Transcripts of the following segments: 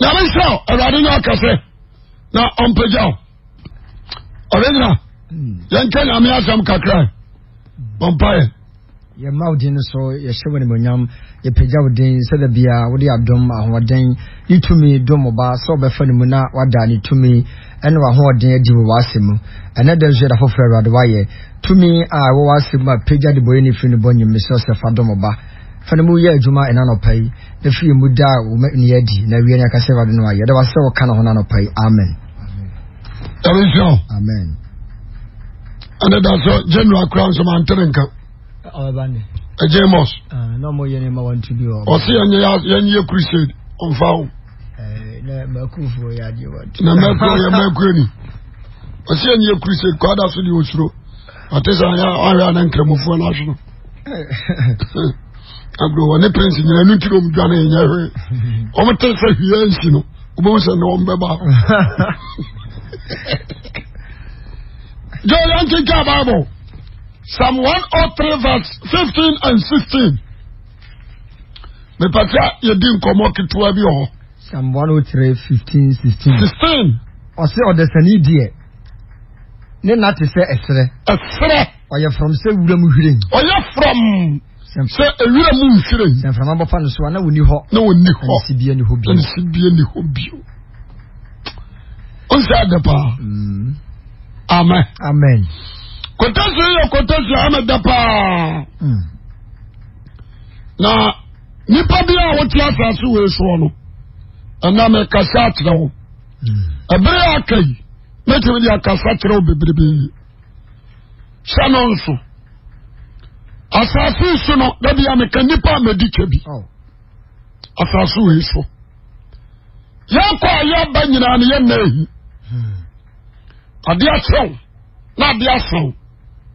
nyame nhyira awurade nyɛ ɔkɛsɛ na ɔmpagya wo ɔregyina hmm. yɛnka nyame asɛm kakra ɔmpaeɛ yɛma wo din no so yɛhyɛ wo animonyam yɛpagya wo din sɛda bia wode adom ahoɔden ne tumi dom ɔba sɛ wobɛfa no mu na wada ne tumi ɛne wahoɔden adi wɔ w'asɛm mu ɛnɛ da nso yɛda foforɔ awurade woayɛ tumi a ɛwɔ w'asɛm mu a pagya de bɔyɛ ne firi no bɔ nyimesɛ sɛ fa dom ɔba fana mu yɛ adwuma ɛna nɔpa yi na firi mu da a wɔn ani adi na wie ne akasɛ ɛwɔ adi no ayɛ dɛwɔ asɛ wɔka ne ho na nɔpa yi amen. ɛbi sɛ amen. ɛna da sɛ general akora nso maa n tere nka. ɔbɛba ne. ɛjɛ mɔs. na ɔmo yɛ ne ma wɔn tubi wɔ. ɔsi yɛn yɛ yɛn yɛ crusade ɔnfa o. na mɛkurufoɔ yɛ adi wɔ. na mɛkurufoɔ yɛ mɛkurufoɔ ni ɔsi yɛn yɛ crusade kɔ ada so osuro ɔte sɛ ɔyɛ ɔyɛ anankiramufoɔ n'asoro. agorɔ wɔ ne prince nyina no ntiri ɔmu dwane ɛnyɛ hwee ɔmo te sɛ hwia nsi no wobɛhu sɛ ne ɔm bɛba gyɛ yɛnkeka bible psalm 103 verse 15 and sixteen. mepɛ sɛ yɛdi nkɔmmɔ ketewa bi wɔ hɔ psalm 103 15 Sixteen. 16 ɔse ɔdesani deɛ ne na te sɛ ɛserɛ ɛserɛ ɔyɛ from sɛ wuram hwiren ɔyɛ from sɛ ewira mu nhwiren. sɛ nframa bɔ fa no so na woni hɔ. na woni hɔ nsi bie ni hɔ bio. nsi bie ni hɔ bio. nsa ada paa. Mm. amen. amen. kòtẹ́sì yẹ kòtẹ́sì ama da paa. Mm. na nipa bi a wote asase wei soɔ no ɛnam kasa akyerɛ wo. Mm. ɛbere aka yi mɛtɛmɛ de akasa akyerɛ wo bebrebe. sɛ no nso asase so no dabi ameka nipa amedi kyɛ bi asase wei so yɛkɔ a yɛba nyinaa no yɛnna ahi hmm. ade akyɛw na ade asaw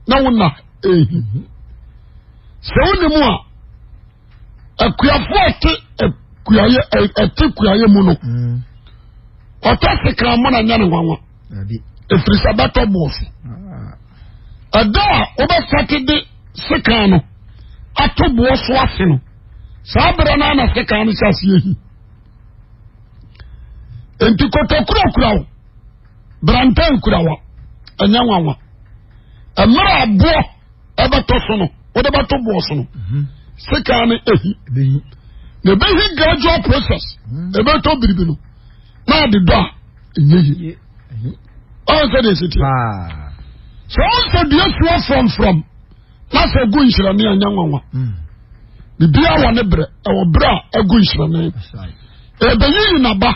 na wona ahi sɛ wone mu a akuafoɔ ɛte akuayɛ ɛte kuayɛ mu no hmm. ɔtɔ sekra mmɔ na nyɛ ne nwanwa ɛfiri bɛtɔ boɔ ah. ɛda a wobɛsate de sekan no ato boɔ so ase no saa berɛ no ana sekan no hyɛ aseɛ hi enti kotokura kura wo brantan kura wa ɛnyɛ nwanwa mmerɛ aboɔ ɛbɛtɔ so no wode bɛto boɔ so no mhm. sekan no ɛhi na ɛbɛhi gradual process ɛbɛtɔ mhm. biribi no na ade dɔ a ɛnyɛ yi ɔn sɛ deɛ ɛsɛ tie sɛ ɔn sɛ deɛ soa frɔmfrɔm n'afọ egu nsirani anya nwanwa hmm. bibi awa ne bere ɛwɔ bere a egu nhyirane ebeyi naba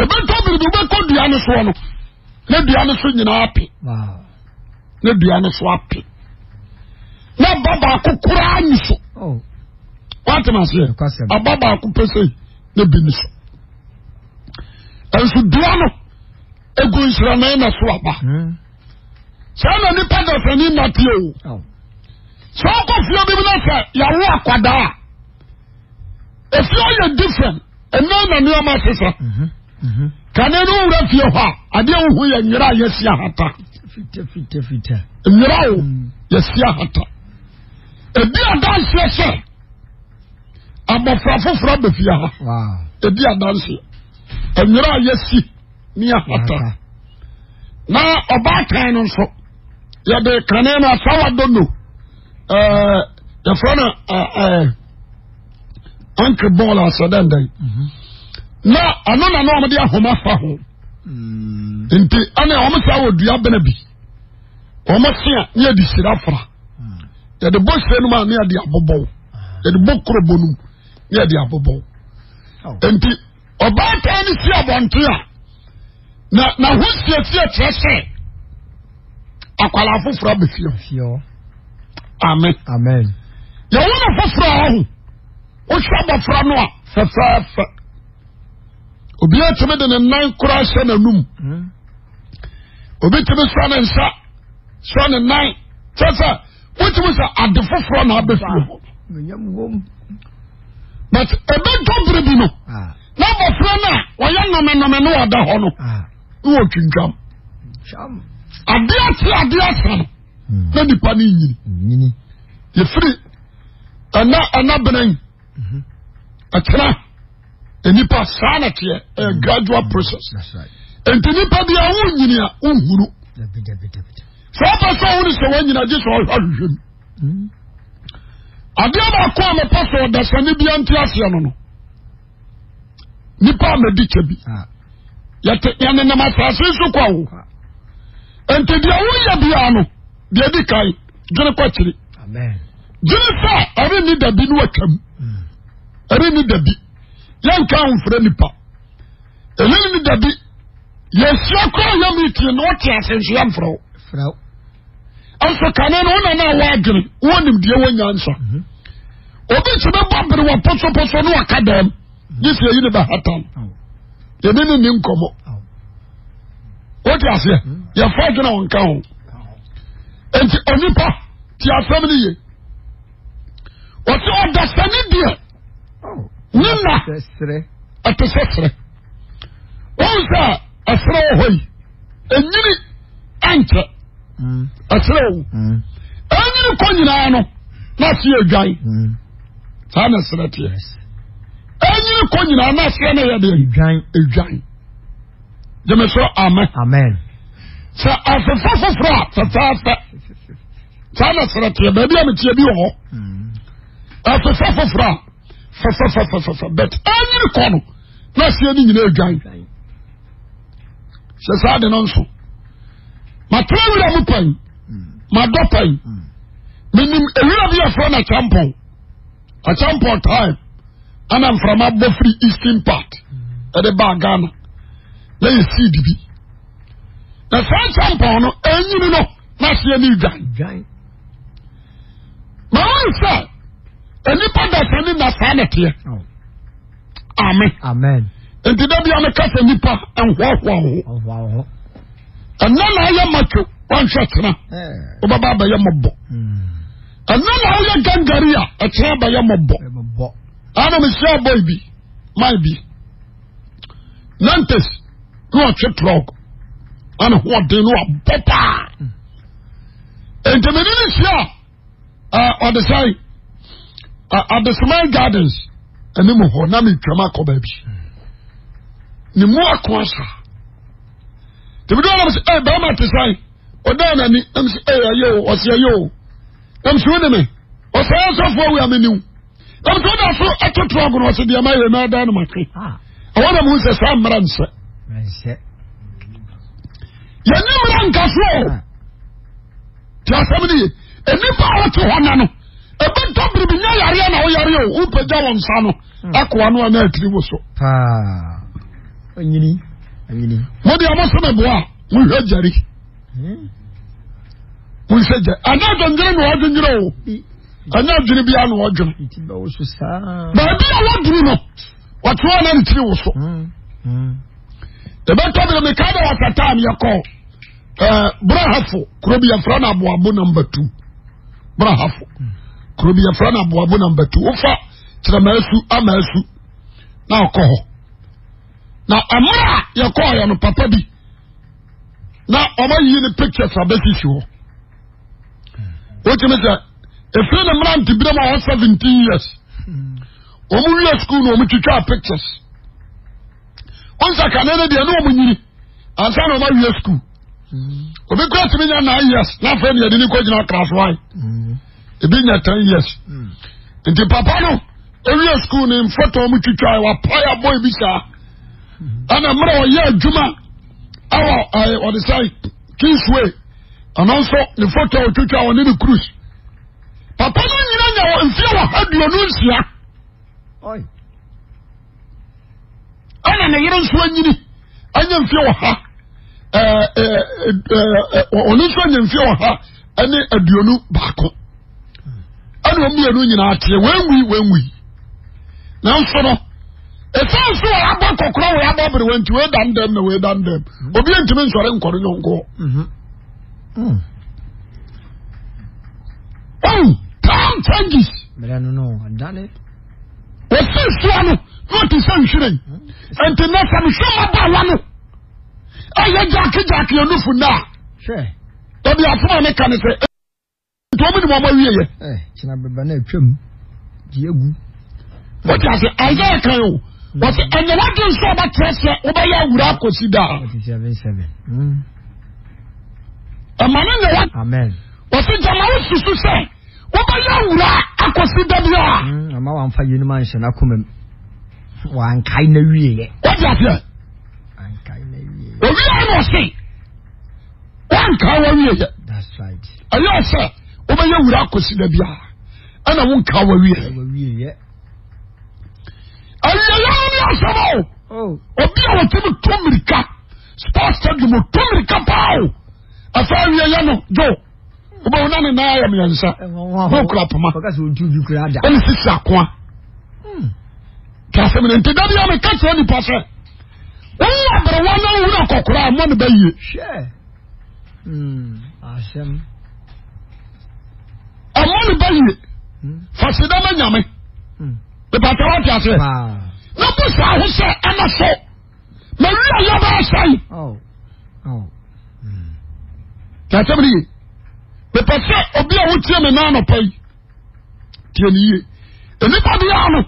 ebetɔ biribi bɛkɔ dua ne soɔ no ne dua ne so nyinaa api ne dua ne apị. na ba baako koraa nyi so oh. wate ma seɛ aba baako pese ne bi ni so nso dua no egu nhyirane na so aba hmm. saa na nipa dɔsani nate o. Oh. sọ ọkọ fúlọ bíbí náà sẹ yàwó akwadaa efi ọyẹ different ẹnẹ na nneọma sísẹ kàní ní wúrẹ fìyẹ hɔ a adeɛ huhu yɛ nwera a yɛsi ahata nwera o yɛsi ahata ebi adanseɛ sɛ abɔfra foforɔ abɛfie ha ebi adanseɛ nwera a yɛsi ni ahata na ɔbaa kan no nso yɛde kàní no asawa dono. Eh, yɛfrɛ no ankle eh, eh, ball asɛdɛndɛn mhm. na ɛno na na ɔmde ahoma fa ho mm. nti ɛne ɔmo saa wɔ dua bena bi ɔmo se a ne yɛde hyira mm. yɛde bɔ hyira no mu a ne yɛde abobɔw ah. yɛde bɔ korobɔ no mu ne yɛde abobɔw oh. nti ɔbaatan no si abɔnten a na n'aho siesie kyerɛ sɛ akwalaa foforɔ abɛfie amen. amen. yẹwò na fọfọrọ ọhún o ṣe abọfra nù a fẹfẹẹfẹ obi a tẹmẹ de ne nan kura ṣe n'anum hmm. obi tẹmẹ sọ ne nsa sọ ne nan fẹfẹ wọ́n ti mú sọ adi fọfọrọ náà bẹ fi wọ́n but ebe dọbiri bi no ah. n'abọfra náà wọ́yẹ nnọmẹnnọmẹ ní wọ́n da họ no ah. ní wọ́n twintwam adi ati adi A no. Hmm. na nipa ne nyini yɛfiri ɛna ɛna benin ɛtena mhm. nipa saa na teɛ ɛyɛ hmm. gradual hmm. process nti nipa bi a wɔn nyini a wɔn huru sɛ ɔpɛ sɛ wɔn sɛ wɔn nyina gye sɛ ɔhwɛ hwehwɛ mu adeɛ baako a mɛpɛ sɛ ɔdasani bi ante aseɛ no no nipa a mɛdi kyɛ bi ah. yɛte yɛnenam asase so kɔ awo ah. nti deɛ wɔyɛ biara no deɛ di kan gyene kɔ akyiri gyene sɛ ɛrenni dabi hmm. no atwam ɛrenni dabi yɛnka ahofrɛ nipa ɛrenni dabi yɛsua koraa yɛm itie na ɔte ase nso yɛmfrɛ wo nso kane no wona na wɔadwene wɔnim deɛ wɔnya nsa mhm. obi nso bɛbɔ bere wɔ posoposo ne wɔka dɛm mhm. ne sɛ yi ne bɛhatan yɛne ne ne nkɔmmɔ wote aseɛ mhm. yɛfa adwene wo nka ho enti onipa ti asɛm ni ye wɔsi ɔdasani deɛ ne na ɛte sɛ serɛ wɔn sɛ ɛserɛ wɔ hɔ yi enyini ɛnkyɛ ɛserɛ wo enyini kɔ nyinaa no na si yɛ dwan saa na serɛ teɛ enyini kɔ nyinaa na serɛ na yɛ deɛ edwan gyemesoro amen sɛ asefo foforɔ a fɛfɛɛfɛ. saa na sere teɛ baabi a meteɛ bi wɔ hɔ ɛfefa hmm. foforɔ a fɛfɛfɛfɛfɛ but ɛnyere kɔ no na aseɛ no nyinaa adwan hyɛ saa de no nso matena wura mu pan hmm. madɔ pan hmm. menim ewura bi yɛfrɛ no akyampɔn akyampɔn time ana mframa bɔ firi eastern part ɛde baa ghana na yɛ seed bi na saa akyampɔn no ɛnyini no na seɛ ne dwan mawu sɛ onipa dasani na saa ne teɛ Amen. nti da bia meka sɛ nipa nhoahoa ho ɛna na ayɛ matwo wanhwɛ tena wobɛba abɛyɛ mɔbɔ ɛna na ayɛ gangari a ɛkyerɛ abɛyɛ mɔbɔ ana mehyɛ abɔi bi mae bi nantes na ɔtwe trɔg ana hoɔden no wabɔ paa ntẹmẹni ni hyia a ọdẹ sáyé adesuman gardens ẹni mu hɔ na mi twɛm akɔ baabi ne mu ako asa tẹbi dɔw nam sɛ ɛ bɛrima ti sáyé ɔdan nani nam sɛ ɛ ɛyɛ o ɔsi ɛyɛ o nam sɛ ɔne mi ɔsɛ ɛsɛfo awi ameniw nam sɛ ɔda so ɛto to agono ɔsi deɛ ma yɛ mɛ ɛdan no ɛwɔ ah. na mu nsɛ saa mmerɛ nsɛ yɛn nyɛ mmerɛ nkasoo. Ah tí a sẹ́mi nìyẹn enipa a ɔte hɔ nano ebi tɔ biribi nya yare na ɔyare o wopagya wɔn nsa no ɛkoa hmm. no ana atiri wo so. mo de ɔmo sɛ meboa mo hwɛ gyari mo hmm. hwɛ gyari ana adwendwere na ɔdwendwere o ɛnyɛ adwene bia na ɔdwene baabi a wɔduru no wɔte hɔ na ne tiri wo so hmm. ebɛtɔ biribi kaa na wɔsɛ taa ne yɛ Uh, eh, brahafo kuro bi yɛfrɛ no aboabo number two brahafo mm. kuro bi yɛfrɛ no aboabo number two wofa kyerɛmaasu amaasu na ɔkɔ hɔ na ɛmmerɛ a yɛkɔɔ yɛ no papa bi na ɔmayi ne pictures abɛsisi hɔ wotumi sɛ ɛfiri ne mmerante binom a ɔ seventeen years ɔmu wie school na ɔmutwitwaa pictures wonsakane no deɛ ne ɔmu nyini ansa na ɔmawie school Mm. obi kura tìmí nya nine years n'afọ ẹni ẹni kò gyina class one mm. ebi nya ten years mm. nti papa no ewia school ni nfoto ọmọ twitwa wa pa ya bọ ebi saa ẹna mmerɛ ɔyɛ adwuma ɛwɔ ɛɛ ɔde sɛ kingsway ɛno nso ne foto a otwitwa wɔ ne ne cruise papa no nyina nya wɔ nsia wɔ ha duonu nsia ɛna ne yere nso anyini anya nsia wɔ ha ɔno nso anya mfe ɔha ne aduonu baako ɛna mmienu nyinaa teɛ wɔnwi wɔnwi nanso no ɛsan so wɔ abɔ kɔkɔrɔ wɔ abɔ bere wɔn ti wɔ dan dɛm na wɔ dan dɛm obi ntumi nsɔre nkɔre nyɔnko. ɔn time changes. mìíràn nínú ọ̀dálẹ̀. òfin ti sẹ́ nhwiren ẹ̀ntì náà sàmùsùn máa bá wa nù ɛyɛ jaaki jaaki onufu naa ebi asoma ne ka ne sɛ nti wɔn eh, mu ni wɔn awie yɛ. kyina bɛbɛ na atwam di egu. o ti ase isaiah kan hmm. o wɔsi ɛnyɛwadi nso ɔba kyerɛ sɛ ɔbɛyɛ awura akosi daa. Hmm. ɛma ne nyɛwa wɔsi jamawo susu sɛ ɔbɛyɛ awura akosi da bi a. Hmm, ama wàá nfa yunifásitì náà kọ́ mẹ́mu wàá nkae na wie yɛ. o ti ase owia na ɔse wanka wawieyɛ ɛyɛ sɛ wobɛyɛ wura akɔsi da biara ɛna wonka wawieyɛ ayɛyɛwo ne asɛm o obi a wɔtumi to mmirika sports stadium to mmirika paa o afa awieyɛ no jo wobɛwo na ne naa yɛ mmiɛnsa na okura poma sisi akoa kasɛmine nti da bia meka kyerɛ nipa sɛ wọ́n yẹ abẹ̀rẹ̀ wọn náà wúlò kọ̀kọ́rọ́ àmọ́ ni bẹ́ẹ̀ yie. Hmm, àmọ́ ni bẹ́ẹ̀ yie fasidama nyame ìbàtà wà ti àṣẹ na bó sọ àhúṣe ẹnà sọ mẹ wí ọyọ bá ṣe yìí. kàtà oh, oh. hmm. mi nìyí pèpè sẹ obi a wọ́n tiẹ̀ mi náà nọ pẹ́ yìí tiẹ̀ nìyí ènìpàdé yà á nù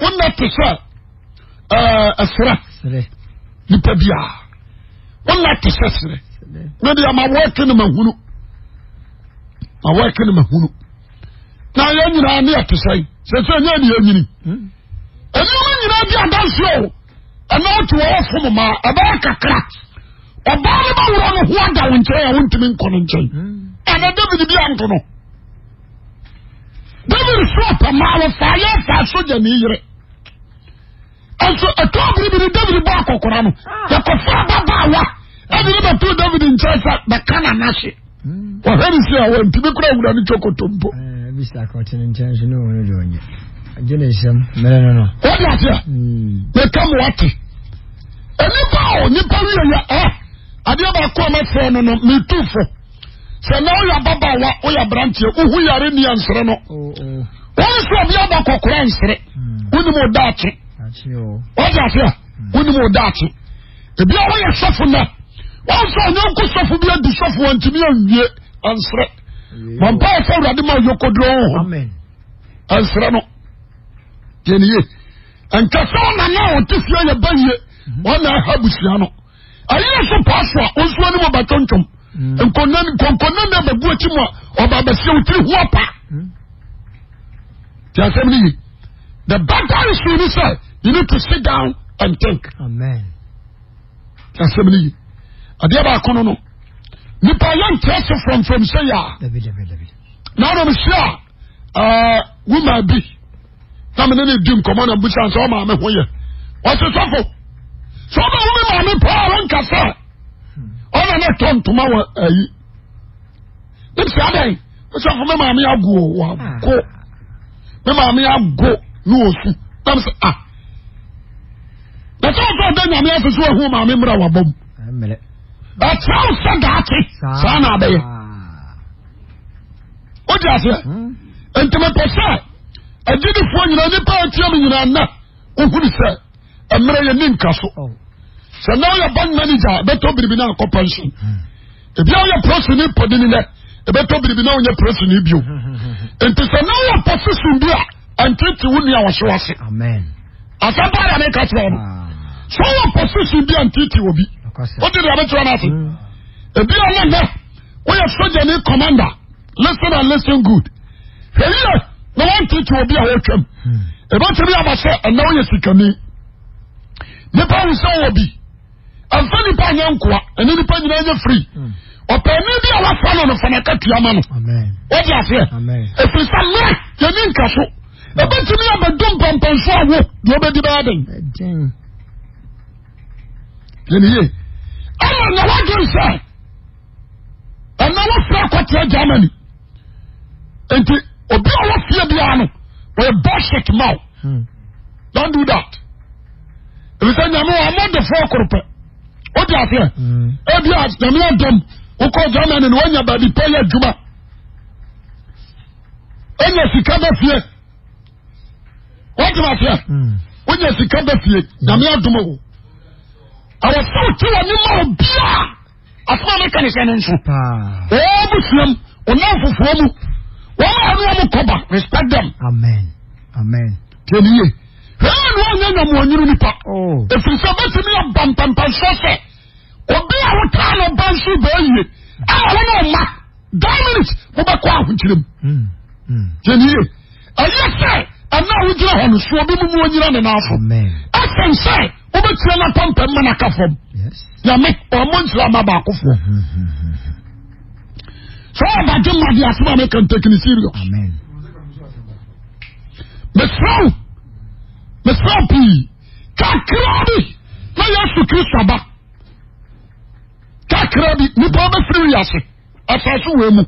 wọ́n nà ti sẹ ẹ̀ ẹ̀ sẹ́rẹ̀ nipa bia wọn ti sẹ sẹrẹ ne de ama wɔɔke ne ma hunu ma wɔɔke ne ma hunu na yɛn nyinaa ne yɛ te sɛ sɛsɛ ni. ne yɛ nyini ɛnum hmm. nyinaa bi adansi o ɛna otu wɔwɔ fom ma ɛbɛyɛ kakra ɔbaa ne ba wura no ho ada wɔn nkyɛn hmm. a wɔntumi nkɔ ne nkyɛn david bi anto no david sɔɔ pɛ maa wɔ fa yɛ fa sogya nso ɛtɔ biribiri david bɔ akɔkora no ah. yɛkɔfa ababaawa ɛde ne bɛto david nkyɛn sɛ bɛka na n'ahye hmm. wɔhwɛ ne si a wɔntumi kora awura ne twokoto mpo wode aseɛ meka mo wate ɛnipa o nipa wieyɛ ɛ adeɛ baako a mɛfrɛ no no metu fo sɛ na woyɛ ababaawa woyɛ aberanteɛ wohu yare nnia nsere no oh, oh. wɔne sɛ ɔbea bakɔkora nsere hmm. wonim wo daakye wọ́n ti àfẹ́ hmm. wọ́n ni mo ebi àwọn yẹ sọ́fù náà wọ́n sọ ọ̀nyẹ́ nkú sọ́fù bí ẹ̀dù sọ́fù wọn ti ní ẹ̀wíyẹ ẹ̀nsẹ̀rẹ̀ mọ̀npá yẹ kodoro ọ̀hún ẹ̀nsẹ̀rẹ̀ nọ yẹn ni yé nkẹsẹ́ wọn nà fi ẹ̀yẹ bẹ́yẹ hmm. wọn nà ẹ̀hà bùsùlá nọ ayé yẹ sọ pàṣọ à ó nsúwọ́n hmm. ni mo bàtọ́ ntọ́m nkọ̀nà náà mu a ọba abẹ́sẹ̀ òtí hu ọ̀pá tí a sẹ́mi nìyí the bad guy is really sad. You need to sit down and think. Amen. Asem ni yi. Adeɛ baako no no. Nipa yɛ nkyɛn so from from se ya. Dabi dabi dabi. N'anam si a ɛɛ eh, wuma bi na mi ne ne di nkɔmɔ na busa nsɛ ɔma mi ho yɛ. Ɔsi sɔfo. Sọ ma wumi maame paa ɔn kasa. Hmm. Ɔna ne tɔ ntoma wɔ ɛyi. Eh, ne bisa adan. Sɔfo mi maame ago wɔ ko. Mi maame ago ne osu. Na mi sɛ ah yɛsɛ sɛ ɔda nyame ase so ahu maame mmerɛ wabɔm ɛkyerɛ wo sɛ daakye saa na abɛyɛ wogye aseɛ enti mepɛ sɛ agyidifoɔ nyinaa nnipa atia me nyinaa nnɛ wohunu sɛ mmerɛ yɛni nka so sɛ na woyɛ bank manager bɛtɔ biribi no akɔpa nso ebia woyɛ prɛsini pɔdini nɛ ɛbɛtɔ biribi na wonyɛ prɛsini bio nti sɛ na woyɛ pɔsisin bi a ɛntete wo nua wɔhye wase asɛmpa da meka kyerɛ no sọ wọ pọsisi bi a ntiiti wọ bi o ti di a bɛ tura n'ase ebi a lɛ nɛ o yɛ soja ni commander listen and listen good èyí yɛ na wọn ntiiti wọ bi a wɔtwam ebi ti bi a ba sɛ ɛnna o yɛ sikani nipa ahosuo wɔ bi ɛnfɛ nipa anyɛ nkoa ɛne nipa nyinaa nyɛ firi ɔpɛni bi a wafa no no fana ka tua ma no o di aseɛ efiri sa mmerɛ yɛ ni nkaso ebi ti bi a bɛ dum pɔmpɔnso awo deɛ o bɛ di bɛyɛ den yẹn yie ama na wadun sẹ ẹna wofra akɔtena germany nti obi a wofie biara no wɔyɛ bullshit mouth hmm. don't do that ebisa nyame wa ɔmo de fɔ koro pɛ o di aseɛ ebi a nyame adam wokɔ germany na wanya baabi pɛ yɛ adwuma enya sika bɛ fie wɔn ti ma seɛ hmm. wonya sika bɛ fie nyame adum o ɛwɔ sɛ wote w'ani ma obia asoma meka ne sɛ ne nso ɔɔ busuam ɔnam fofoɔ mu wɔn a ɛno wɔn kɔba respect them amen amen tiɛniye hɛn ni wɔn nyɛ nyamuonyini nipa efiri sɛ ɔbɛtumi aba mpampansɔ sɛ obi a wotaa no ba nso bɛyie a wɔn na ɔma dan minutes mo bɛkɔ ahokyirim tiɛniye ɛyɛ sɛ ɛna wogyina hɔ no soɔ bi mumu onyina ne naafo ɛsɛn sɛ wobɛkyerɛ no pampam ma no ka fam nyame ɔmmɔ nhyira ma baakofoɔ sɛ ɔbagye ma de asɛm a meka ntakini serious mesrɛ wo mesrɛ pii kakra bi na yesu kristo aba kakra bi nipa bɛfiri wiase asase wei mu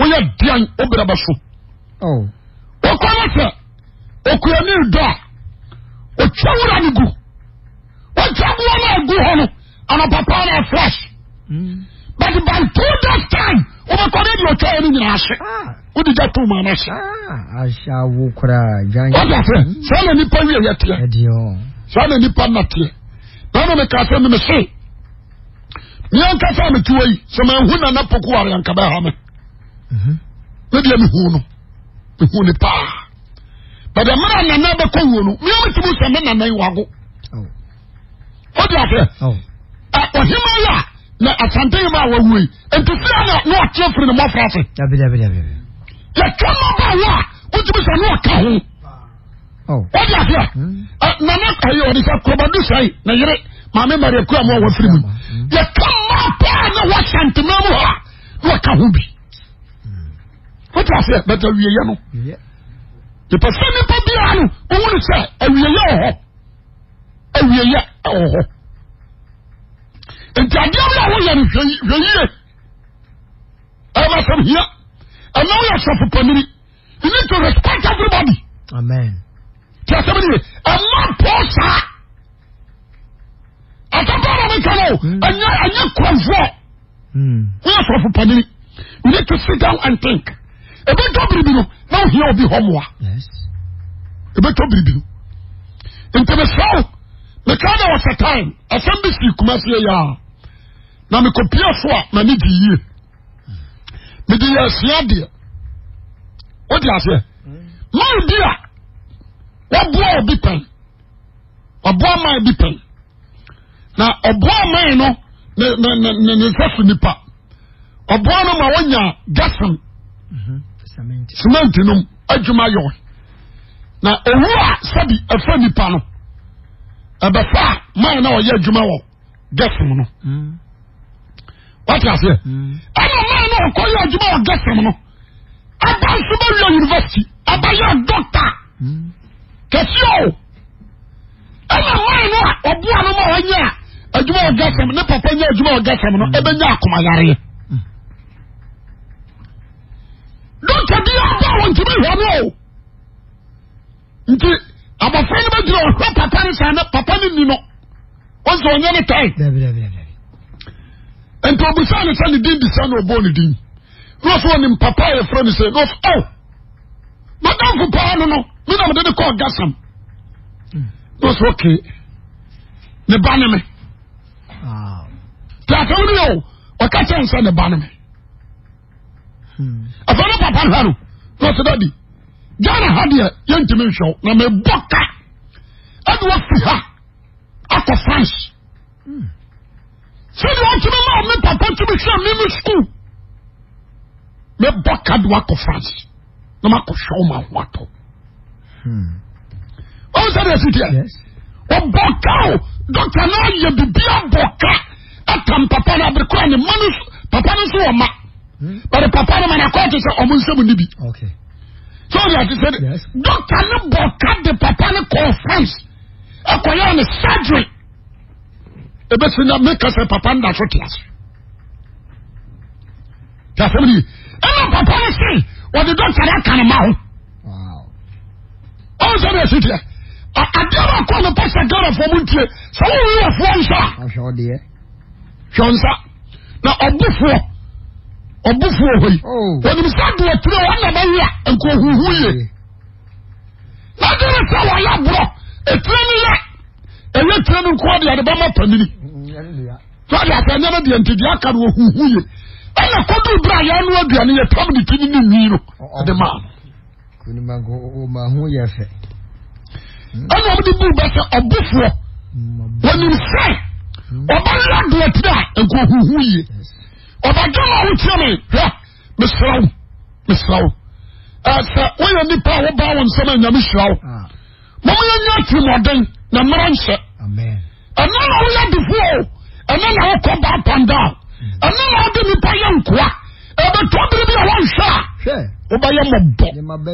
woyɛ dean wobrɛ bɛso okurani dɔ a otwa wura ne gu otwa boɔ no hɔ no anapapa na flash. Mm. but by two days time wobɛkɔ ne deɛ ɔtwa no nyinaa ahye ah. wode gya to ma no ahye saa na nipa wie yɛ teɛ saa na nipa nna teɛ na no meka sɛ meme se meankasa metewa yi sɛ manhu nana poko ware anka bɛha me ne mhm. deɛ mehu no mehu ne paa bẹ̀dẹ̀ mìíràn nana bẹ kọ́ wọnú mi ò tí mo sọ mi nana yìí wà gó oh. ó di àfẹ ẹ ọ̀hìnmá yà na asante yìí máa wà wù yìí ètò sí àná ní ọ̀tí ẹ̀fìrì ni mo fà á fẹ. yẹ kí ọmọ bá wà ó ti mi sọ ní ọ̀ka ho oh. ó di àfẹ ẹ hmm. nana ayé ọ̀dì sẹ kọ̀bọ̀dù sẹ́yìn na yẹrẹ maame mẹrẹ kú àmọ́ wà firi mu yẹ kí ọmọ bá ní wà santimẹ́mu hà ní ọ̀ka ho bi hmm. ó di àfẹ bẹ́tẹ̀ yɛpɛ sɛ nipa biara no ohun sɛ awieyɛ wɔ hɔ awieyɛ wɔ hɔ nti adeɛ bi a wɔyɛ no hwɛ yie ɛma sɛm hia ɛna wɔyɛ sɔfo you need to respect everybody amen tí a sɛbɛn yie ɛma pɔɔ saa atapa na mi kan o ɛnyɛ hmm. ɛnyɛ kurɔfoɔ hmm. wɔyɛ sɔfo paniri you need to sit down and think ebɛtɔ biribi no na ohia obi hɔ mmoa ebɛtɔ biribi no nti mesɛw meka na wɔsɛ time asɛm bi sii kuma seɛ yɛ a na mekɔpia so a m'ani gye yie mede yɛ asua deɛ wode aseɛ man bi a waboa obi pɛn ɔboa man bi pɛn na ɔboa man no ne ne ne ne nsa so nipa ɔboa no ma wanya gasen mhm cement nom adwuma yɔ na owu a sɛbi ɛfɛ nipa no ɛbɛfa maa na ɔyɛ adwuma wɔ gɛsum no mm. wate aseɛ mm. ɛna maa na ɔkɔ yɛ adwuma wɔ gɛsum no aba nso bɛ wia university aba yɛ dɔkta mm. kɛseɛ o ɛna maa na ɔboa no ma ɔnyɛ adwuma wɔ gɛsum ne papa nyɛ adwuma wɔ gɛsum no ɛbɛnya akoma yareɛ. dɔkita bi a bá wọn ntumi hɔ no o nti abɔfra no bɛ gyina ɔhwɛ papa ne saa na papa ne ni no ɔsɛ ɔnyɛ ne tae nti ɔbusa ne sɛ ne din di sɛ na ɔbɔ ne din na ɔsɛ ɔnim papa a yɛfrɛ no sɛ na ɔsɛ ɔ madamfo paa no no me na mede ne kɔɔ gasam na ɔsɛ ɔke ne ba ne me nti asɛm no yɛ o ɔka kyɛ nsɛ ne ba ne me afa ne papa nhwɛ no na ɔsɛ dadi ghana ha deɛ yɛntumi nhwɛw na mebɔ ka ɛde wafi ha akɔ france sɛdeɛ ɔtumi ma ɔme papa tumi hwɛ me me skuul mebɔ ka de wakɔ france na makɔ hwɛw ma ho atɔ ɔn sɛ deɛ siteɛ ɔbɔ ka o dɔkta no ayɛ biribi abɔ ka atam papa no abere kora ne ma no papa no nso wɔ ma But the papa ni mọ̀nà kọ́ọ̀tù sẹ ọmọ nsẹ́mu níbi. sọ́ọ̀dì àti sẹ́dì dọ́kítà ni bọ̀ káàdì papa ni kọ́ france ẹ̀kọ́ yẹ́ ni surgery ebe si na mi kẹsẹ̀ papa ni dàtọ́ tì ase. kí a sẹ́mu nìyí ẹ̀ma papa ni sè ọ̀dì dọ́kítà ni kàn má ho. ọ̀hún sẹ́mi ẹ̀sì tiẹ̀ àdéhùn akọ́ ni pàṣẹ gẹ́rẹ́ fún mi tiẹ̀ sẹ́wọ́n wúwo fún ọ nsa. hwẹ́ nsa na ọ̀bùfọ̀ ɔbufuo hɔ yi onim sɛ deɛ tire wɔn na bɛyɛ a nko huhu yie na de ne sɛ wɔyɛ borɔ etire no yɛ ɛyɛ tire no nkoa deɛ de bɛma panini sɛ de asɛ nneɛma deɛ ntɛdi aka no wɔhuhu yie ɛna kɔdu bere a yɛn no aduane yɛ tam ne tini ne nwi no ɛde maa no ɛna ɔmo de bu bɛ sɛ ɔbufuo onim sɛ ɔbɛyɛ deɛ tire a nko huhu yie ọbàjọ náà wò tiẹ̀ mi hwẹ mesraw mesraw ẹsẹ wọnyẹ nipa a wọba wọn nsẹm ẹnyàmú hyiraw mọmọ yẹn nyẹ atirimọden na mmerẹ nhyẹ ẹnna na wọyẹ adifuo ẹnna na wọkọ ba panda ẹnna na wọde nipa yẹ nkoa ẹbẹ tó biri bi a wọn hwẹ a wọba yẹ mọ bọ bẹẹ mọ bọ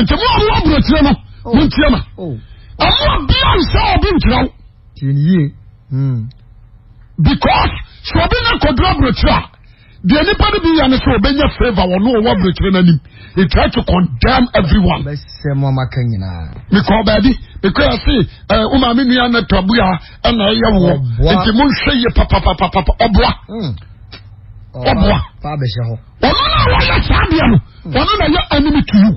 nti mu àwọn aburo tiẹ̀ no mu tiẹ̀ ma ọmọ bíyà nsẹ ọbi nkyerẹw because sọ obi na kọdúrà bùrọ̀kyerè a deɛ nipa no bi yà ni sọ ọbẹ nyẹ favour wọn ní ọwọ bùrọ̀kyerè n'anim he try to condemn everyone. bẹ́ẹ̀ sẹ́ mu ọmọ kan nyinaa. mikọ baabi mikọ yà sí ẹ ọ maame nua na tabu a ẹna ẹ yẹ wọ nti mo n yẹ papapapapa ọbua. ọbua ọmọ náà wọ́n yẹ sáà bíyà no wọ́n hmm. yẹ enemy to you.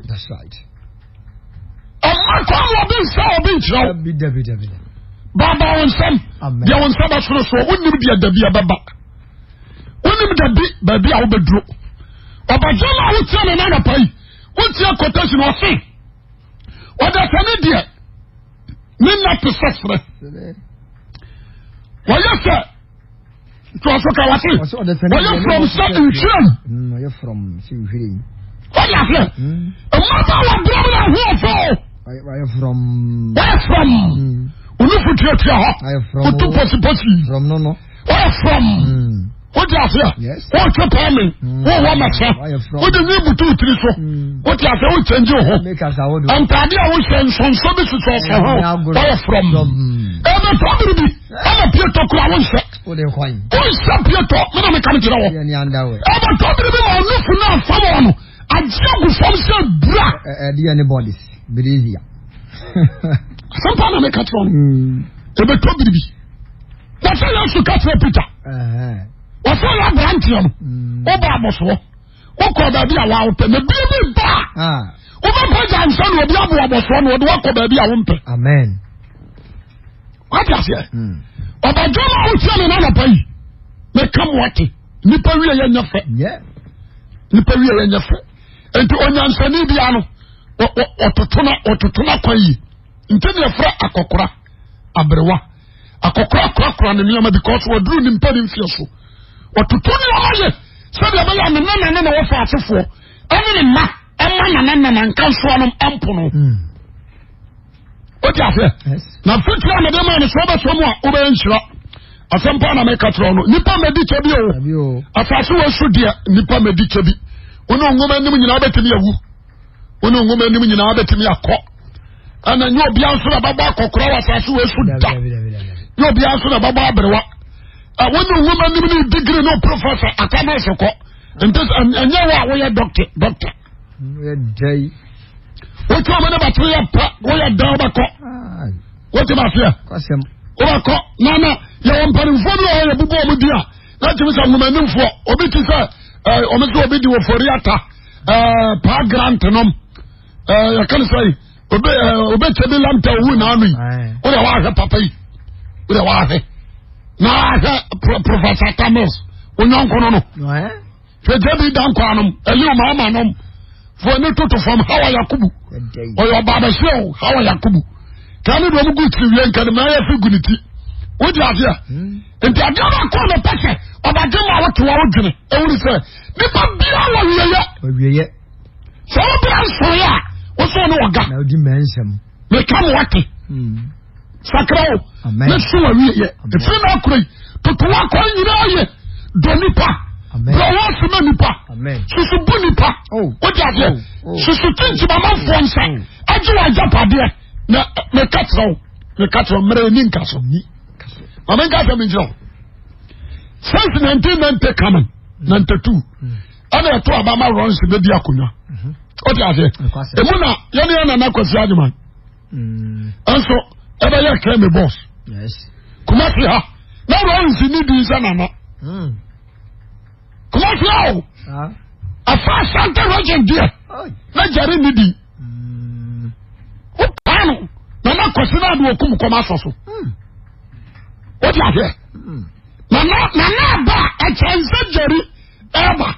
ọmọ kan wọ́n bí nsá wọ́n bí nkyerẹ́w baba wọn nsam deɛ wọn nsa ba soro soɔ wonim deɛ dabi abɛba wonim dabi baabi a wobɛduro ɔbɛgye ma wotia ne nanapa yi wotia kɔtasi na ɔse ɔda sɛ ne deɛ ne na te sɛserɛ wɔyɛ sɛ tuwaso ka wase wɔyɛ from sɛ nhwiram wɔde afɛ mmaba wɔ berɛ mu na from? Mm, wɔyɛ from onífò tiẹ̀ tiẹ̀ hɔ otu pɔsipɔsi ɔyɛ fɔm o ti ase o tẹ pọmi o wọ mẹsẹ o de ní butu tiri so o ti ase o kyẹnji o ho ntaade a o hyẹ nsonso bi sisọ ọsẹ ho ọyẹ from ẹbẹ tọbiri bi ẹbẹ pieto kura o nhyẹ o nhyẹ pieto mi na mi ka mi kyerẹ wọ ẹbẹ tọbiri bi ma ọnu funu afam wọn no agye agu fam sẹ bura. ẹ ẹ di ẹni bọdis biriziya asampa na meka kyerɛ no ɛbɛtɔ hmm. biribi na sɛ yesu ka kyerɛ peter wɔsɛ no aberanteɛ no hmm. woba abɔsoɔ wokɔ baabi a woawopɛ na bia bi ba a ah. wobɛpɛ gya nsa na obi abo abɔsoɔ no wɔde woakɔ baabi a wompɛ wate aseɛ hmm. ɔbadwo no a wotia ne nanapa yi meka moate nipa wie yɛ nyɛ fɛ nipa wie yɛ nyɛ fɛ nti onyansani bia no ɔtotona ɔtotona kwa yie nti deɛ fura akɔkora aberewa akɔkora korakora ne nneɛma because wɔduru ni mpa ne mfie so wɔtoto nneɛma yɛ sɛdeɛ ɛbɛyɛ ne nana ne na wɔfa asefoɔ ɛne ne ma ɛma nana nana nka nsoa no ɛmpo no hmm. wote aseɛ na fitia na deɛ maa ne sɛ wobɛsɔ mu a wobɛyɛ nhyira asɛmpa na mɛka kyerɛ no nipa madi kyɛ o asase wɔ so deɛ nipa madi kyɛ bi wone nwoma anim nyinaa wobɛtumi awu wone nwoma anim nyinaa wobɛtumi akɔ ɛna nye obi anso na bɛbɔ akɔkora wɔ asase wɔ esu da nye obi anso na bɛbɔ abiriwa ɛ wɔn ni nwoma nim ni digiri ni profesa akama ɛsɛ kɔ nti ɛnyɛ wɔ a wɔyɛ dɔkta dɔkta. wotu ɔmo ne batiri yɛ pa wɔyɛ dan ɔbɛkɔ wotu ba seɛ ɔbɛkɔ nana yɛwɔ mpanimfoɔ bi wɔ hɔ yɛ bubu ɔmo di a lati mi sɛ nwoma nim foɔ obi ti sɛ ɛɛ ɔmo sɛ obi di wɔ fori ata ɛɛ paa grant nom ɛɛ yɛ kan sɛ yi obe ɛɛ obe tse bi lantɛ owu n'anu yi o de w'ahɛ papa yi o de w'ahɛ n'ahɛ professor tamils onyankono no fɛjɛ bi dan kɔ anum eliw maama anum fo ne toto fam hawa yakubu ɔyɛ ɔbaabɛsɛw hawa yakubu Kani dùn ɔmu gu tiri wiye nkɛnɛ mɛ ɛyɛ fi gu ne ti o di adeɛ nti adeɛ bá kọ́ ne pɛsɛ ɔbɛdé mu a wote wa o dwene ewuri sɛ nipa bia wɔ wiye sɛ o bia nsɔn yɛ wosɔn ne ɔga na odi mɛ nsɛm mɛka mu wate hmm. sakra o ne so wa wie yɛ efiri na akoro yi tutuwa akɔ nyinaa yɛ dɔ nipa blɔwɔ sima nipa susu bu nipa oh. o di adeɛ oh. Oh. susu tinti mama fɔ nsa agye wa agya padeɛ na mɛka kyerɛ o mɛka kyerɛ o mɛrɛ ni nka so mama nka fɛn mi gyerɛ o since nineteen ninety kamin hmm. ninety two hmm. ɛna ɛto abama rɔnsi bɛ di akonnwa o ti ase emu na yanni yanni ana kwasi aduma nso mm. ebe yɛ kɛmi bɔs kumasi ha n'ọrụ ọrụ si n'idu nsa nana mm. kumasi ha o afa asante rɔgin diɛ na jari nidi mm. o paanu nana kwasi na adi okum kɔma asɔ so o ti ase nana nana aba ɛkyɛnse jari ɛba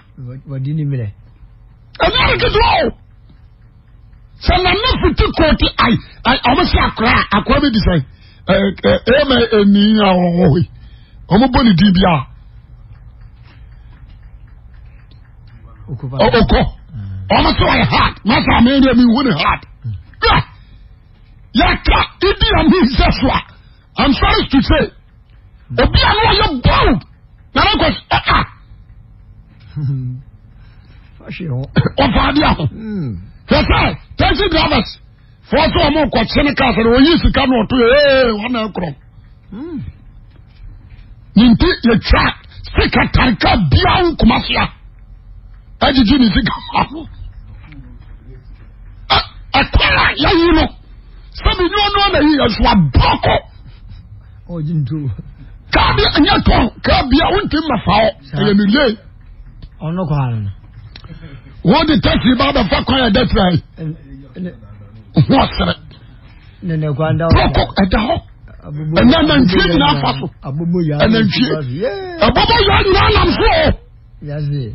ɛnyɛ nketewa o sɛ nana fiti kooti ayi ayi ɔmo si akora akora bi di sɛ ɛɛ ɛɛ ɛma eni a ɔwɔ hɔ yi ɔmo bɔ ne di bi a ɔkɔ ɔmo sɛ ɔyɛ hard masa ama eni emi wu ne hard ya yaka ibi a mi nsa so a i'm sorry to say obi a no ɔyɛ bold na na kɔ ɔfa adeɛ ho hwɛ sɛ taxi drivers fɔɔ sɛ ɔmo nkɔkye ne kaa sɛ de ɔyi sika no ɔto ee wɔna ɛkorɔ ne nti sika tarika bia wo nkoma so a agyegye ne sika ma no ɛkwan a yɛyi no sɛbi nyɔnua na yi yɛ so abɔkɔ kaa bi nyɛ tɔn kaa bi a wɔntumi ma ɛyɛ ne ɔno kɔ ano wọ́n di tẹ́sí bá bẹ̀ fọ́ kọ́ ẹ̀ dẹ́ tirẹ̀ ọ̀hún ọ̀sẹ̀rẹ̀ prọkọ ẹ̀dá hɔ ẹ̀nà nàntwie nyinaa fa so ẹ̀nà ntwie ẹ̀bọ̀bọ̀ yà nyinaa nam so o mẹsẹ̀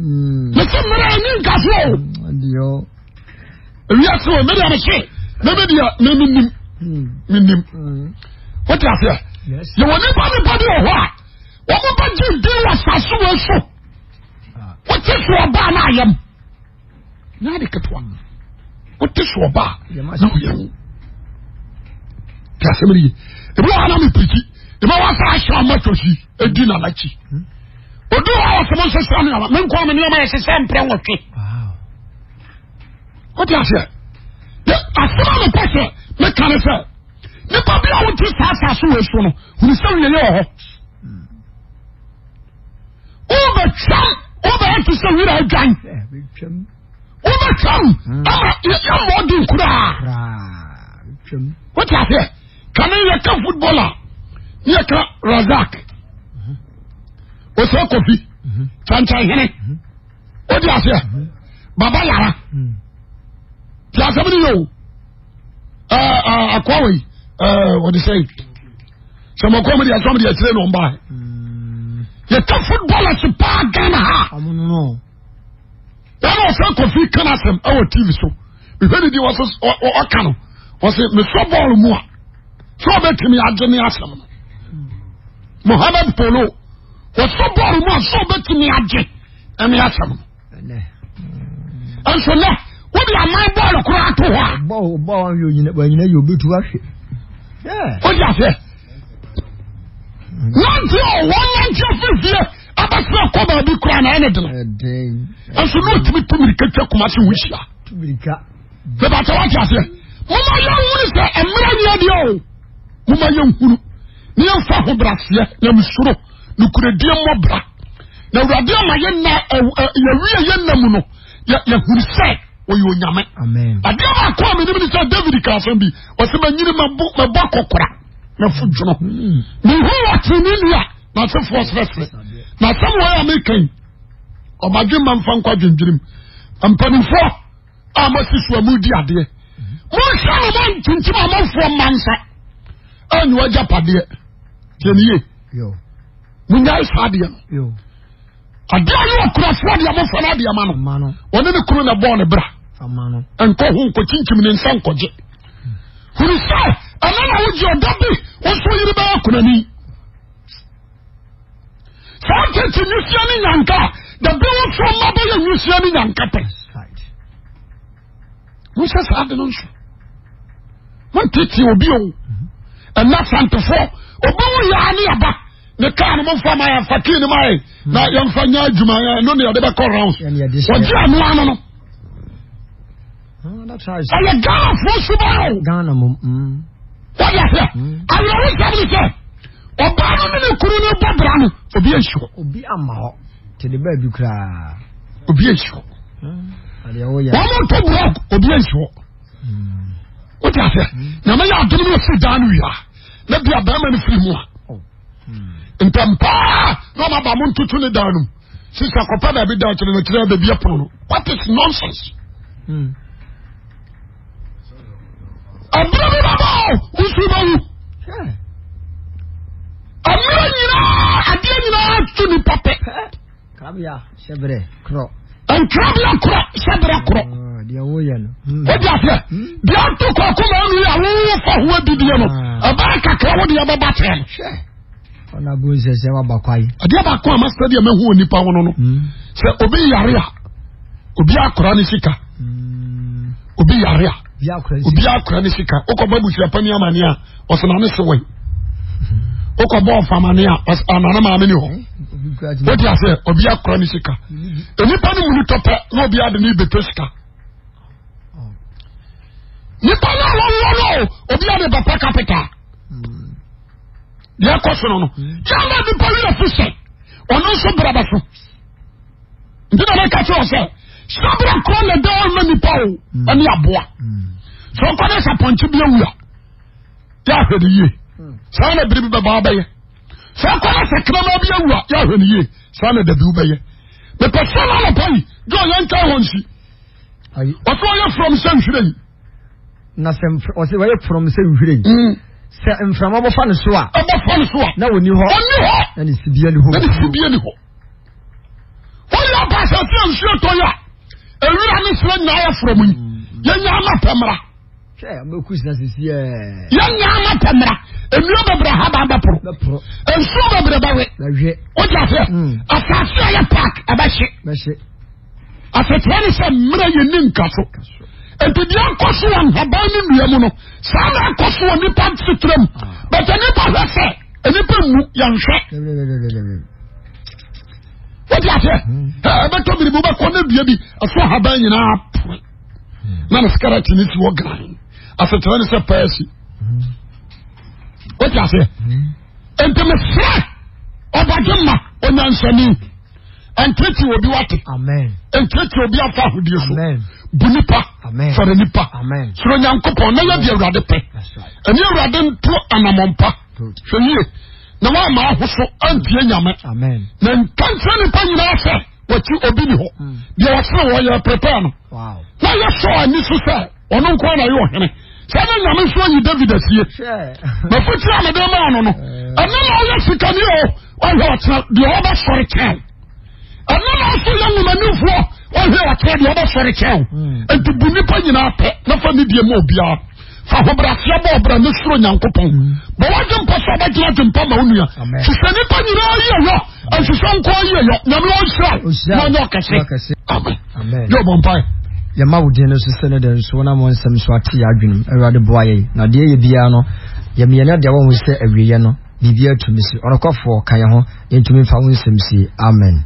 mìíràn ẹ̀ní nka so o èyí ẹ̀sìn o mẹ́rin àmì sè mẹ́rin diẹ mẹ́rin nim mi hmm. nim hmm. ah. wọ́n ti àfẹ́ yẹ wọ́n nípa nípa bí wọ̀ hɔ a wọ́n bá jí ndé wọ̀ sàásù wọ̀ so wọ́n ti sọ̀ ọ̀ bá náà yẹ mu. Na de ketewa mm. wote so ɔba na woyɛ ho te asɛm no ye ebi wɔ ana mepirikyi ɛma wasa ahyɛ ama twasi adi nanakyi mm. odu hɔ wɔsɛ mo nsesra me ama menkɔ me nneɛma yɛ sesɛ mprɛ nwɔtwe wote aseɛ asɛm a mepɛ sɛ meka ne sɛ nipa bi a wote saa asase wɔ so no hunu sɛ wieyɛ wɔ hɔ mm. wobɛtwam wobɛyɛ te sɛ wira adwan eh, wobɛtwam hmm. ama yɛmmɔ ɔde nkuraa wote aseɛ kane yɛka football a ne yɛka razak ɔsɛ hmm. kofi kyɛnkyɛnhene wote aseɛ baba yara ti asɛm ne yɛo akoa wei wɔde sɛ sɛ mɔkɔ mu deɛ sɔm deɛ akyirɛ ne ɔmbaɛ yɛka football ase paa ghana ha yàrá ọ̀sẹ̀ kọfí kan asẹm ẹwọ tíìmù so ìhwẹ́ ni di wọ́n sọ ọ̀ka no wọ́n sẹ mẹsọ bọ́ọ̀lù mu a sọ ọbẹ̀ tìmí agye ní asẹm no Mohammed Polo wọ́sọ bọ́ọ̀lù mu a sọ ọbẹ̀ tìmí agye ẹni asẹm no ẹnso náà wọ́n di àmà bọ́ọ̀lù kúrò ato hɔ a. bọ́ọ̀lù bọ́ọ̀lù yóò wọ̀nyìnà yóò bí tu ahwẹ. ó di àfẹ. náà ti ọ̀ wọ́n náà ti abasira kɔ baabi kura na ɛna dena nso n'o tumi tu mirika twa kuma se wusia bɛba tɛ wati aseɛ mɔmɔ yɛ nhunu sɛ ɛmira yɛ deɛ o mɔmɔ yɛ nhunu ne yɛ nfa ho bra seɛ na musoro nukuredie mmɔ bra na awurade ama yɛ na yɛwie yɛ nam no yɛhunu sɛ oyɛ onyame adeɛ baako a menim ne sɛ david ka bi ɔsɛ manyini mabɔ akɔkora na fo dwono hmm. mehu wɔtene ni a na asefoɔ serɛserɛ na asɛm wɔ a mekan ɔmadwe ma mfa nkɔ adwendwenem mpanimfoɔ a moasi so a mudi adeɛ monhyɛ no ma ntintim amanfoɔ mma nsa anyɛ wagya padeɛ tianiye munyae saa adeɛ no adeɛ ne ɔkurafoɔ deɛ mofa no adeɛ ma no ɔne ne kuro na bɔɔ ne bra nkɔ ho nkɔkyinkyim ne nsa nkɔgye huru sɛ ɛno na wogye ɔda bi wo so yere bɛyɛ konani saa kyekye nwusua ne nyanka a dabi wofoɔ ma bɛyɛ nwusua ne nyanka pɛ wohyɛ saa de no nso wontete obi o ɛna santefoɔ obɛwo yaa ne yaba ne kaa no momfa ma yɛmfa kii no ma yɛ na yɛmfa nya adwuma ɛno ne yɛde bɛkɔ rounds wɔgye anoa no no ɛyɛ ghanafoɔ subao wɔde aseɛ awerɛwo sɛm ne sɛ ɔbaa no ne ne kuru no bɔ bra no obi ansi hɔ. obi ama hɔ te ne baabi koraa. obi ansi hɔ. wɔn mo to blɔk obi ansi hɔ. o ti a fɛ na mɛ yɛ adumu ni o si dan no wia ne bia bɛrima ni firi mu a. Oh. Hmm. ntɛmpaa na ɔma ba mo ntutu ne dan no sisan kɔpɛ baabi dan kyerɛ ne kyerɛ baabi ɛpono no what is nonsense. Mm. abúlé mi bá bọ̀ ọ́ wúsùn bá wù ɔmmerɛ nyinaa adeɛ nyinaa tu ne pɔpɛ krabea hyɛberɛ korɔ nkrabea korɔ hyɛberɛ korɔ hmm. wode aseɛ hmm. deɛ ato kɔkoma nu a wowo fa ho adidiɛ no ɛbaa kakra wode yɛbɛba kyerɛ no ɔna bu nsɛ sɛ waba kwae adeɛ baako a masɛ deɛ mahu onipa wono no hmm. sɛ obi yare a obi akora ne sika obi yare a obi akora ne sika wokɔba busuapani amane a ɔsena ne sewai okɔ bɔ nfamani a anana maame ni hɔ o ti ase obi akora ne sika enipa ni munu tɔpɛ na obi adi ni bepe sika nipa naa wɔn wɔn o obi adi bapa kapita yɛ kɔ soro no kyɛnba nipa yi na fisɛ ɔno nso braba so ntina bɛ kɛ kyerɛ sɛ kura na ɛda wɔn nipa o hmm. ɛni aboa hmm. so ɔkɔ ne sapɔnkye bi ewia yɛ ahwɛ ne yie saa na biribi bɛba bɛyɛ sɛ kɔla sɛ krama bi awu a yɛahwɛ no yie saa na dabiw bɛyɛ mepɛ sɛ no anɔpa yi gye yɛnka hɔ nsi ɔsɛ ɔyɛ frɔm sɛ nhwerɛ yi na sɛ ɔyɛ frɔm sɛ nhwerɛ yi mm. sɛ mframa bɔfa ne so a ɛbɔfa ne so a na ɔni hɔ ɔni hɔ na ne sibia ne hɔ na ne sibia ne hɔ wɔyɛ ɔba sɛ sɛ nsuo tɔ yɛ a ɛwura ne serɛ nyinaa yɛ frɔm yi mm. yɛnya ama pɛmra yɛnyaa mata mmara nnuro bebree ha ba bɛporo nsuo bebree bɛwe wogya sɛ hmm. asase a yɛ park ɛbɛhye aseteɛ ne sɛ mmerɛ yɛni nka so nti deɛ akɔ so wɔ nhaban ne nnua mu no saa na akɔ so wɔ nnipa setrɛ mu ah. bɛtɛ nnipa hwɛ sɛ nnipa mu yɛnhwɛ wogya sɛ hmm. ɛbɛtɔ biribi wobɛkɔ ne dua bi ɛso haban nyinaa pore hmm. na ne skarati ni si wɔ gran asetena ne sɛ pɛɛsi wote aseɛ nti mefrɛ ɔbagye ma onyansani ɛnkreti obi wate ɛnkreti obi afa ahodie so bu nipa fɛre nipa soro nyankopɔn na yɛde awurade pɛ ɛne awurade nto anammɔmpa hwɛ yie na waama aho so antie nyame na nkankyerɛ nipa nyinaa sɛ wɔkyi obi ni hɔ hmm. deɛ wɔsere wɔ prepare no na yɛsɔ ani so sɛ ɔno nkoa na yɛ ɔhene sani nyame nso yi david asie bɛfu tí a mɛdɛm bá ano no eh. ɛno na ɔyɛ sikani o ɔhwɛ ɔtena deɛ ɔbɛ sɔre kyɛw ɛno na ɔso yɛ ŋumanimfoɔ ɔhwɛ ɔtena deɛ ɔbɛ sɔre kyɛw etu hmm. bu nipa nyinaa pɛ nafa ne deɛ mu obiara fa ahobrɛaseɛ bɔ ɔbrɛ ne soro nyankopɔn hmm. bɛ wɔgye mpa so ɔbɛgyina gye mpa ma wo nua hyehyɛ nipa nyinaa yɛ yɔ ɛhyehyɛ nkɔ yɛ yɔ nyame ɔnhyira na ɔnyɛ ɔkɛse amen yɛ ɔbɔ mpae yɛma wo din no so sɛ ne dɛ na mo nsɛm so ate yɛ adwenem awurade boa yɛi na deɛ yɛ biara no yɛmmiɛne deɛ wɔ ho sɛ awieɛ no biribi atumi si ɔnokɔfoɔ ka yɛ ho yɛntumi mfa wo nsɛm sie amen